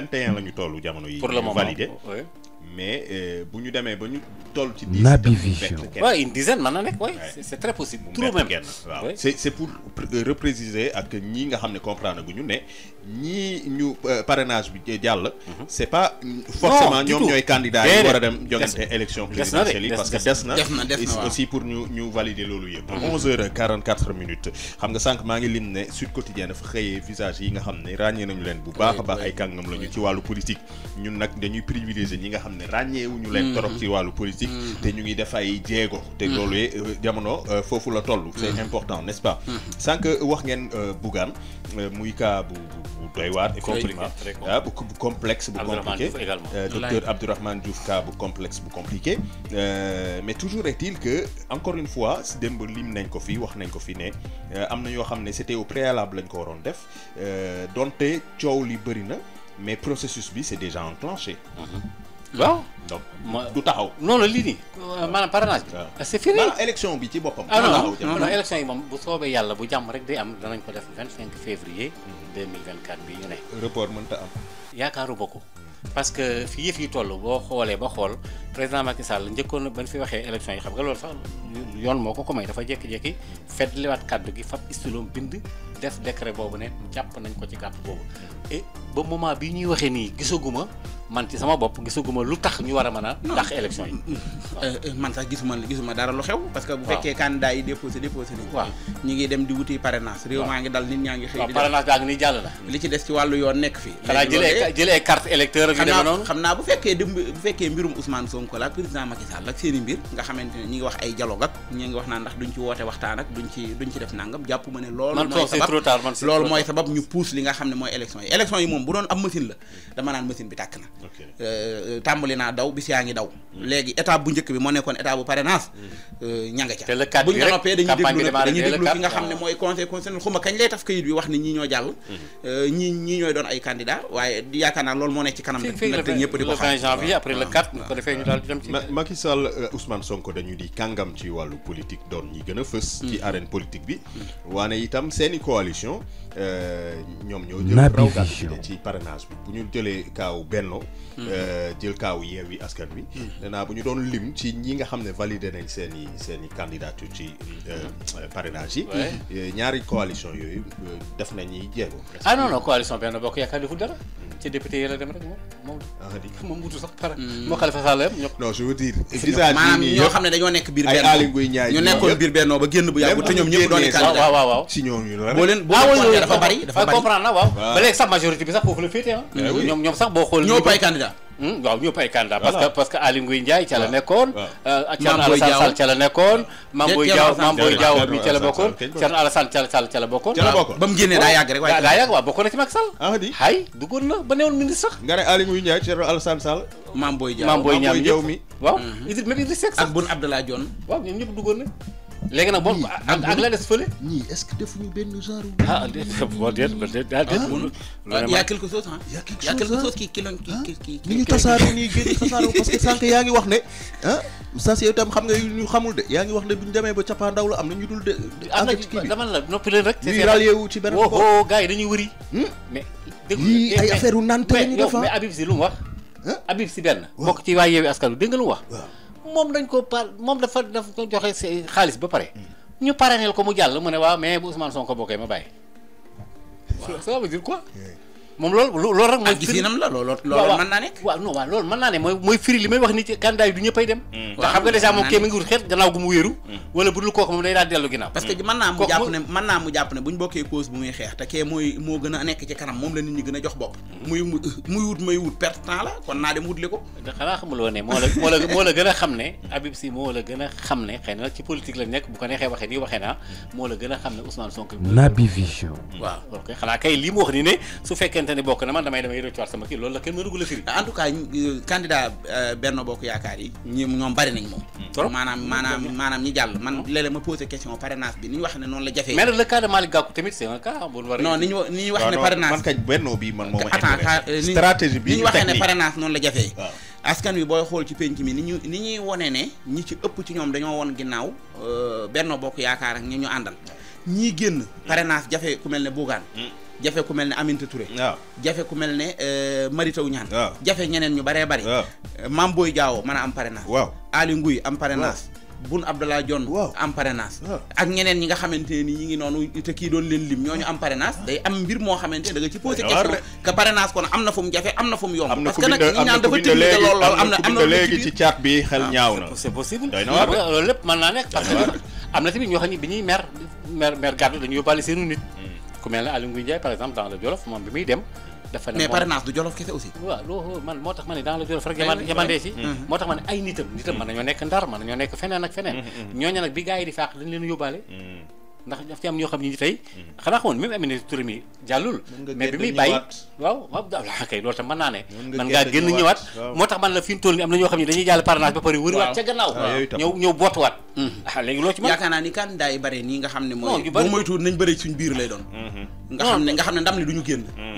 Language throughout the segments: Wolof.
vingt et un la ñu pour le moment validé mais euh, bu ñu demee ba ñu toll ci. Naby Vision waaw une dizaine mën na nekk c'est très possible. trop même waaw c'est c'est pour euh, repréciser ak ñi nga xam ne comprendre gu ñu ne ñii ñu parrainage bi jàll. Mhm. c'est pas forcément ñoom ñooy candidats yi war a élection présidentielle parce que des na aussi pour ñu ñu valider loolu yëpp. 11h44 mhm. minutes xam nga sànq maa ngi lim ne Sud Quotidien dafa xëyee visage yi nga xam ne ràññee nañu leen bu baax a baax ay kàngam lañu ci wàllu politique ñun nag dañuy privilégier ñi nga xam ñu leen mm-hmm. torop ci walu politique mm-hmm. té ñu ngi def ay djégo té mm-hmm. loolu euh, jamono euh, fofu la tollu c'est important n'est-ce pas sans que wax ngeen euh, bougan muy ka bu doy war et compliment ah bu complexe bu compliqué docteur Abdourahmane Diouf ka bu complexe bu compliqué mais toujours est-il que encore une fois si lim nañ ko fi wax nañ ko fi né amna yo xamné c'était au préalable lañ ko waron def donté ciow li bëri na mais processus bi c'est déjà enclenché waaw donc du taxaw. non non lii nii. maanaam parrainage bi. waaw c'est fini maanaam élection bi ci boppam. ah non bu soobee yàlla bu jàmm rek day am danañ ko def 25 février. 2024 bi ñu ne. report mënta am. yaakaaru bokku parce que fi yëf yi toll boo xoolee ba xool président Macky Sall njëkkoon na ba ñu fi waxee élection yi xam nga loolu sax yoon moo ko ko may dafa jékki-jékki feddliwaat kàddu gi fab istiloom bind def décret boobu ne jàpp nañ ko ci gàpp boobu ba moment bi ñuy waxee nii gisaguma man ci sama bop gisuguma lutax ñu wara mëna mën élection yi euh, euh, man sax gisuma gisuma dara lu xew parce que bu fekkee candidat yi déposé déposé ni ñi ngi dem di wuti parrainage réew ma ngi dal nit ñaa ngi xëy di parrainage gaag ni jall la li ci dess ci walu yoon nek fi xanaa jëlee jëlee carte électeur ak dem non xamna bu fekkee dem bu fekkee mbirum Ousmane Sonko la président Macky Sall ak seen mbir nga xamanteni ñi ngi wax ay dialogue ak ñi ngi wax na ndax duñ ci woté waxtaan ak duñ ci duñ ci def nangam japp ma né lool moy sabab lool moy sabab ñu pousse li nga xamné moy élection yi élection yi mom bu doon am machine la dama nan machine bi tak na Euh, tàmbali naa daw bis yaa ngi daw. Hmm. léegi étape bu njëkk bi moo nekkoon étape bu parrainage. Hmm. Euh, ña nga ca te le bu ñu noppee dañuy déglu dañuy nga xam ne mooy conseil constitutionnel xuma kañ lay taf kayit bi wax ne ñii ñoo jàll. Hmm. Euh, ñii ñii ñooy doon ay candidat waaye yaakaar naa loolu moo nekk ci kanam. nag te ñëpp di ko xam le 20 janvier après le dañu di kàngam ci wàllu politique doon ñi gën a fës. ci arène politique bi. waane itam seeni coalition ñoom ñoo jël raw gàtt ci parrainage bi bu ñu jëlee kaaw benno Euh, jël kaaw Yewwi Askan Wi. Hmm. nee naa bu ñu doon lim ci ñi nga xam ne validé nañ seen i seen i candidature ci euh, hmm. euh, parrainage yi. ñaari coalition yooyu def nañuy jéego. ah non non coalition benn bokk yaakaar deful dara. Hmm. ci député yi la dem rek moom moom. Ah, moom wutul sax pare. moo Khalifa Sall yëpp ñëpp. non je veux dire. visage yi ñoo xam nekk biir benn. ba génn bu yàgg te ñoom ñëpp doon candidat ñoom sax boo xool. ñoo ay candidat hmm, waaw ñëpp ay candidat parce que parce que Aly Ngouille Ndiaye ca la nekkoon Thierno Alassane daa yàgg rek waaw bokkoon na ci ah, hay duggoon na ba newoon ministre sax nga ne Aly Ngouille Ndiaye Thierno Alassane Sall Mame Boye Diao Mame Boye Diao mi waaw Idriss même sax ak Boun Abdallah waaw ñoom ñëpp duggoon na léegi na bon ak ak la des fële. ñii est-ce que defuñu benn genre. ah bon déet déet ah, ah. mënu. quelque chose ah. y quelque chose y a quelque chose qui yaa ngi wax ne ah saa si xam nga ñu xamul de yaa ngi wax ne bu ñu demee ba cappaandaw la am na ñu dul de. am na ci dama la noppi leen rek. ñuy yi dañuy wëri. Hmm? mais déglu ay affaire yu nante la ñu def mais Habib si lu wax. Habib si benn. bokk ci waa Yewwi Askan Wi dégg nga lu mu wax. moom dañ ko par moom dafa daf ko joxe xaalis ba pare. ñu parrainel ko mu jàll mu ne waaw mais bu Ousmane Sonko bokkee ma bàyyi. waaw ça veut ko moom loolu loolu rek mooy gisinam la loolu loolu mën naa nekk waaw non waaw loolu mën naa ne mooy mooy firi li may wax ni ci candidat yi du ñëppay dem ndax hmm. xam nga dèjà moom kee mi ngi wut xeet gannaaw gu mu wéeru hmm. wala bu dul kooku moom day daal dellu ginnaaw parce que mën naa mu jàpp ne mën naa mu jàpp ne bu ñu bokkee cause bu muy xeex te kee mooy moo gën a nekk ci kanam moom la nit ñi gën a jox bopp hmm. muy muy wut may wut perte temps la kon naa dem wut li ko da xanaa xamuloo ne moo la moo la moo la gën a xam ne Habib Sy moo la gën a xam ne xëy na nag ci politique la nekk bu ko neexee waxee nii waxee naa moo la gën a xam ne Ousmane Sonko Naby Vision waaw xanaa kay lii mu wax nii ne su fekkee fekkente ni bokk na man damay damay rëccuwaat sama la kenn mënugul a firi en tout cas euh, candidat euh, benn yi ñi ñoom bari nañ moom hmm. maanaam hmm. maanaam maanaam ñi jàll man hmm. léeg-léeg ma posé question parrainage bi ni ñu wax ne noonu la jafee mais le cas ni ñu ni ñu wax ne parrainage man kay benn bi man moom attends euh, stratégie bi ni ñu waxee ne noonu la jafee askan wi booy xool ci penc mi ni ñu ni ñuy wone ne ñi ci ëpp ci ñoom dañoo woon ginnaaw benn bokk yaakaar ak ñi ñu àndal ñii génn parrainage jafe ku mel ne Bougane jafe ku mel ne aminte Touré. waaw jafe ku mel ne euh, Mary Teuw Niane. waaw jafe ñeneen ñu bare bari. waaw euh, Mame Boye Diao mën a am parrainage. waaw Ali Nguy am parrainage. Boun Abdallah Dionne am parrainage ak ñeneen ñi nga xamante ni ñi ngi noonu te kii leen lim ñooñu am parrainage day am mbir moo xamante da nga ci posé question que am na fu mu jafe am na fu mu yomb parce que nag am na am na léegi ci caat ah. na lépp mën naa am na tamit ñoo xam ne bi ñuy mer mer mer gàddu dañu yóbbaale seenu nit mel ne Aliou Ngouille Ndiaye par exemple dans le Jolof moom bi muy dem. dafa ne mais parrainage du Jolof kese aussi. waaw loo man moo tax ma ne dans le Jolof rek yamandee mhm. moo tax ma ne ay nitam nitam mën nañoo nekk Ndar mën nañoo nekk feneen ak feneen mhm, mhm. ñooñu nag bi gars yi di faax dañ leen yóbbaale ndax daf ci am ñoo xam ne ni tey xanaa xamoon même Aminata Touré jàllul mais bi muy bàyyi waaw waaw waaw kay loolu tam mën naa ne man ngaa génn ñëwaat moo tax man la fi mu toll nii am na ñoo xam ne dañuy jàll parrainage ba pare wëriwaat ca gannaaw ñëw ñëw bootuwaat hmm. ah léegi loo ci mën hmm. nga xam ne ndam li duñu génn hmm.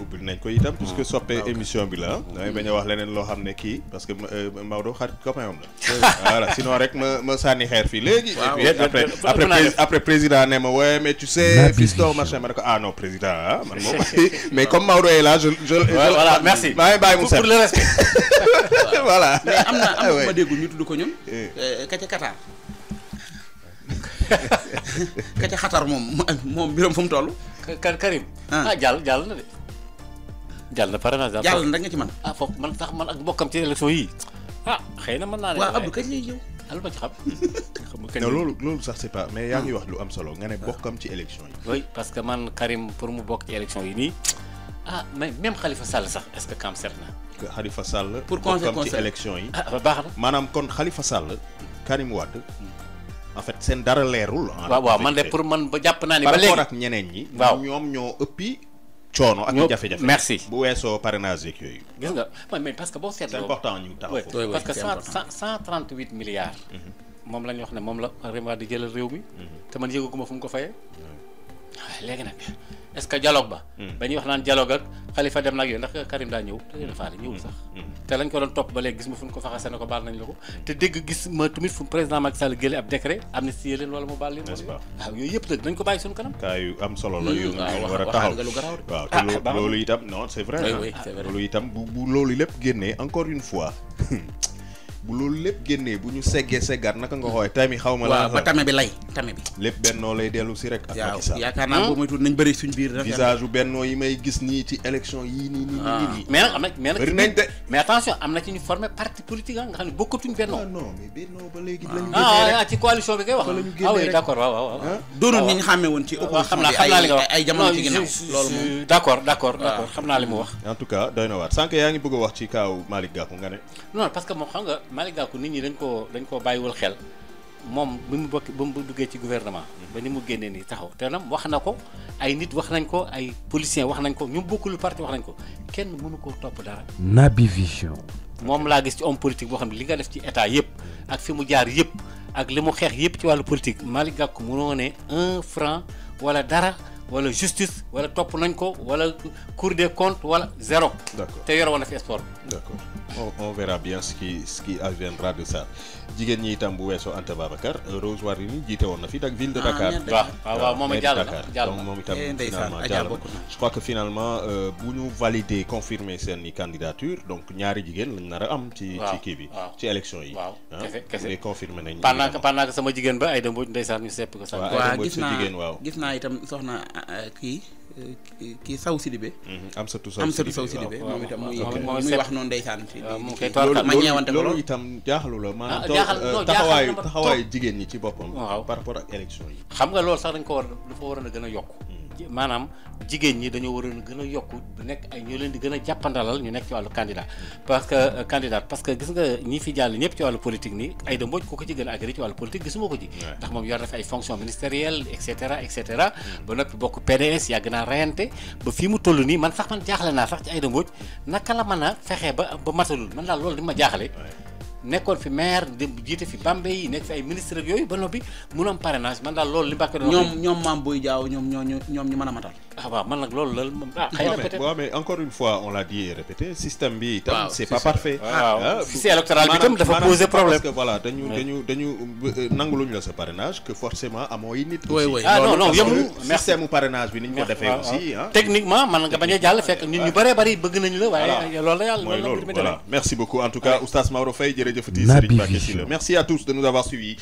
ubbil nañ ko itam puisque ah, soppee ah, émission bi la mm-hmm. damay bañ a wax leneen loo xam ne kii parce que euh, Maodo xarit copain am la voilà sinon rek ma sànni xeer fii léegi après après président ne ma wooye mais tu sais fiston marché ma ne ko ah non président ah man moom mais comme Maodo est là je je voilà merci maa ngi bàyyi mu set am na am ma déggu ñu tudd ko ñun ka ca Qatar xatar moom moom mbiram fu mu toll. Karim. Ah. ah jàll jàll na de. jàll na pare na jàll na nga ci man ah foofu man tax man ak bokkam ci élection yi ah xëy na mën naa ne waaw Abdou kañ lay ñëw al ma ci xam xam nga non loolu loolu sax c'est pas mais yaa ngi wax lu am solo nga ne bokkam ci élection yi oui parce que man Karim pour mu bokk ci élection yi nii ah mais même Khalifa Sall sax est ce que kam set na Khalifa Sall pour bokkam ci élection yi ah baax na maanaam kon Khalifa Sall Karim Wade en fait seen dara leerul waaw waaw man de pour man ba jàpp naa ni ba léegi par rapport ak ñeneen ñi waaw ñoo ëppi coono ak jafe-jafe merci bu wesso parrainage yeeg yooyu. gis nga mais parce que boo c'est important ñu taxaw parce que cent cent milliards. Mhm. moom la ñu wax né mom la Rémy di jël réew mi. Mhm. té man yëgaguma fu ko fayé Ah, léegi nag est ce que dialogue ba. Hmm. ba ñuy wax naan dialogue ak xalifa dem nag yooyu ndax Karim daa ñëw te a faale ñëwul hmm. sax. Hmm. te lañ ko doon topp ba léegi gis ma fu ko faxase ne ko baal nañ la ko te dégg gis ma tamit fu président Macky Sall génne ab décret amnistie leen wala mu baal leen. waaw yooyu yëpp nag nañ ko bàyyi suñu kanam. kaa yu am solo la yu war a taxaw waaw te ah, loolu itam non c'est loolu itam bu bu loolu lépp génnee encore une fois bu loolu lépp génnee bu ñu seggee seggaat naka nga xooy tamit xaw ma. waaw ba tame bi lay tame bi. lépp bennoo lay dellu rek. ak na hmm? ah. mais nag bëri nañ de. mais attention am parti politique ah, ah, d' accord woon ci opposition bi ay ay jamono wax. en tout cas doy na waar sànq yaa ngi bëgg a wax ci kaaw Malick Gakou nga ne. non parce que moom xam nga Malick Gakou nit ñi dañ koo dañ koo bàyyiwul xel moom bi mu bokk ba mu duggee ci guvernement mhm. ba ni mu génnee nii taxaw te nag wax na ko ay nit wax nañ ko ay policiers wax nañ ko ñu bokkul parti wax nañ ko kenn mënu koo topp dara. na Naby Vision. moom laa gis ci homme politique boo xam ne li nga def ci état yëpp ak fi mu jaar yëpp ak li mu xeex yëpp ci wàllu politique Malick Gakou mënoo ne un franc wala dara. wala justice wala top nañ ko wala cour des comptes wala zéro. d'accord te yore woon fi sport d'accord on, on verra bien ce qui ce qui adviendra de ça jigen ñi tam bu wesso Anta Babacar Rose Wardini jiite woon na fi dak ville de ah, Dakar. wa wa moom jàll na jàll momi tam itam eh, finalement jàll je crois que finalement euh, bu ñu valider confirmer seen candidature donc ñaari jigen lañ nar a am. ci ci kii bi ci élection yi. waaw ah, confirmer nañ. pendant que pendant que sama jigen ba ay dem ba ñu sepp ko. waaw ay dem ba sa jigéen gis naa gis naa itam soxna. kii kii saw Sidibé. Mm-hmm. am satu saw Sidibé am satu saw Sidibé moom itam muy muy wax noonu ndeysaan. loolu ma ñeewante ko loolu itam jaaxalu la. maanaam ah, euh, taxawaayu taxawaayu jigéen ñi ci boppam. par rapport ak élection yi. xam nga lool sax dañ ko war dafa waroon a gën a yokk. Hmm. maanaam jigéen ñi dañoo waroon gën a yokk nekk ay ñoo leen di gën a jàppandalal ñu nekk ci wàllu candidat parce que euh, candidat parce que gis nga ñi fi jàll ñëpp ci wàllu politique nii Aïda Mbodj ci gën a agréé ci wàllu politique gisuma ko ci ndax moom yor na fi ay fonction ministérielle et cetera et cetera ba noppi bokk PDS yàgg naa reyante ba fii mu toll nii man sax man jaaxale naa sax ci Aïda Mbodj naka la mën a fexe ba ba matalul man daal loolu di ma jaaxale nekkoon fi maire di jiite fi Bambey nekk fi ay ministre yooyu ba noppi mu am parrainage man daal loolu li Mbacke doon. ñoom ñoom maam Boye Diaw ñoom ñoo ñoom ñu mën a matal. encore une fois on l'a dit et répété système B, c'est pas parfait Si électoral poser problème parce que voilà euh, parrainage que forcément ah non non merci à parrainage hein. techniquement merci beaucoup en tout cas Oustas merci à tous de nous avoir suivis